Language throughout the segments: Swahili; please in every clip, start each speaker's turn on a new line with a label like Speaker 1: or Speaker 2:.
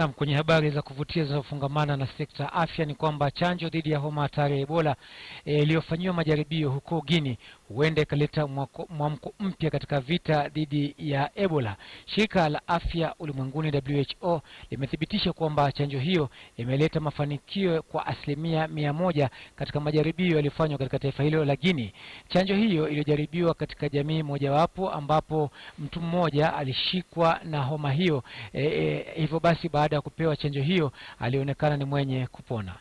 Speaker 1: Naam, kwenye habari za kuvutia zinazofungamana na sekta afya ni kwamba chanjo dhidi ya homa hatari ya Ebola eh, iliyofanyiwa e, majaribio huko Guinea huenda ikaleta mwamko mpya katika vita dhidi ya Ebola. Shirika la afya ulimwenguni WHO limethibitisha kwamba chanjo hiyo imeleta mafanikio kwa asilimia mia moja katika majaribio yaliyofanywa katika taifa hilo la guini Chanjo hiyo iliyojaribiwa katika jamii mojawapo, ambapo mtu mmoja alishikwa na homa hiyo e, e, hivyo basi baada ya kupewa chanjo hiyo alionekana ni mwenye kupona.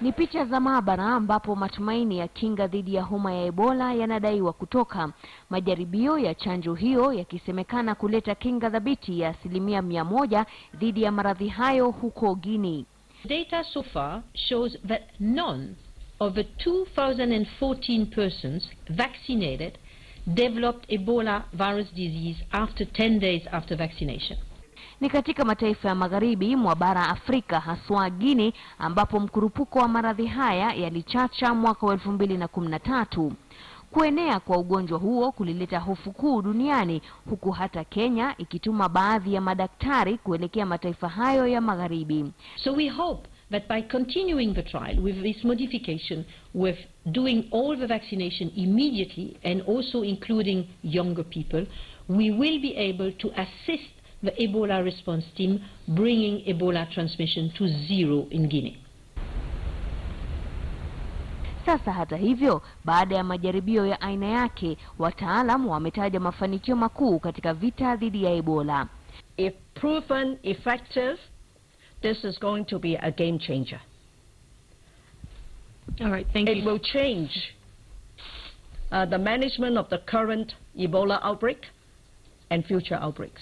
Speaker 2: Ni picha za maabara ambapo matumaini ya kinga dhidi ya homa ya Ebola yanadaiwa kutoka, majaribio ya chanjo hiyo yakisemekana kuleta kinga thabiti ya asilimia mia moja dhidi ya maradhi hayo huko Guinea.
Speaker 3: Data so far shows that none of the 2014 persons vaccinated developed Ebola virus disease after 10 days after vaccination
Speaker 2: ni katika mataifa ya magharibi mwa bara Afrika, haswa guini ambapo mkurupuko wa maradhi haya yalichacha mwaka wa na na kumi tatu Kuenea kwa ugonjwa huo kulileta hofu kuu duniani, huku hata Kenya ikituma baadhi ya madaktari kuelekea mataifa hayo ya magharibi.
Speaker 3: So we hope that by continuing the trial with this modification, with doing all the vaccination immediately and also including younger people, we will be able to assist the Ebola response team bringing Ebola transmission to zero in Guinea.
Speaker 2: Sasa hata hivyo, baada ya majaribio ya aina yake, wataalam wametaja mafanikio makuu katika vita dhidi ya Ebola.
Speaker 4: If proven effective, this is going to be a game changer. All right, thank It you. It will change uh, the management of the current Ebola outbreak and future outbreaks.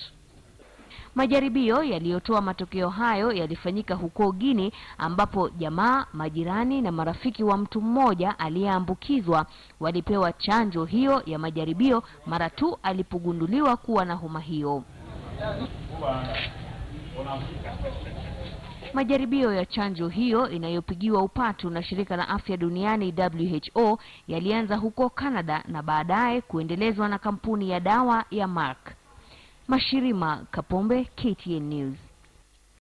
Speaker 2: Majaribio yaliyotoa matokeo hayo yalifanyika huko Gini, ambapo jamaa, majirani na marafiki wa mtu mmoja aliyeambukizwa walipewa chanjo hiyo ya majaribio mara tu alipogunduliwa kuwa na homa hiyo. Majaribio ya chanjo hiyo inayopigiwa upatu na shirika la afya duniani WHO yalianza huko Canada na baadaye kuendelezwa na kampuni ya dawa ya Merck. Mashirima Kapombe, KTN News.